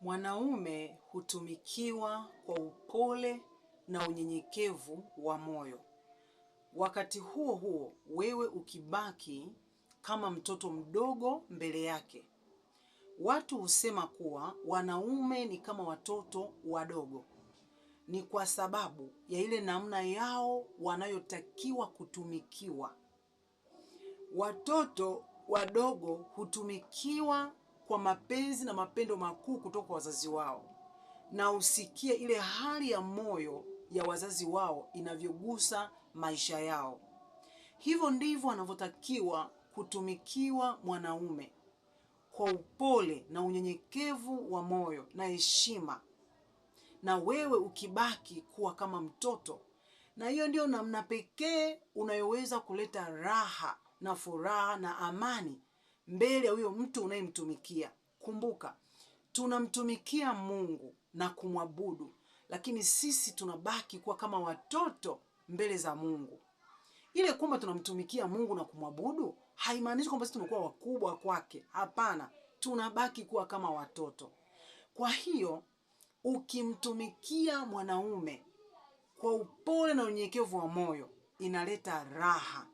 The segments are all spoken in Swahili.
Mwanaume hutumikiwa kwa upole na unyenyekevu wa moyo. Wakati huo huo, wewe ukibaki kama mtoto mdogo mbele yake. Watu husema kuwa wanaume ni kama watoto wadogo. Ni kwa sababu ya ile namna yao wanayotakiwa kutumikiwa. Watoto wadogo hutumikiwa kwa mapenzi na mapendo makuu kutoka kwa wazazi wao, na usikie ile hali ya moyo ya wazazi wao inavyogusa maisha yao. Hivyo ndivyo anavyotakiwa kutumikiwa mwanaume kwa upole na unyenyekevu wa moyo na heshima, na wewe ukibaki kuwa kama mtoto. Na hiyo ndiyo namna pekee unayoweza kuleta raha na furaha na amani mbele ya huyo mtu unayemtumikia. Kumbuka, tunamtumikia Mungu na kumwabudu, lakini sisi tunabaki kuwa kama watoto mbele za Mungu. Ile kwamba tunamtumikia Mungu na kumwabudu haimaanishi kwamba sisi tumekuwa wakubwa kwake. Hapana, tunabaki kuwa kama watoto. Kwa hiyo ukimtumikia mwanaume kwa upole na unyenyekevu wa moyo, inaleta raha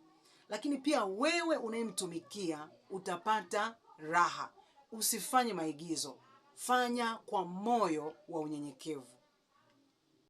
lakini pia wewe unayemtumikia utapata raha. Usifanye maigizo, fanya kwa moyo wa unyenyekevu.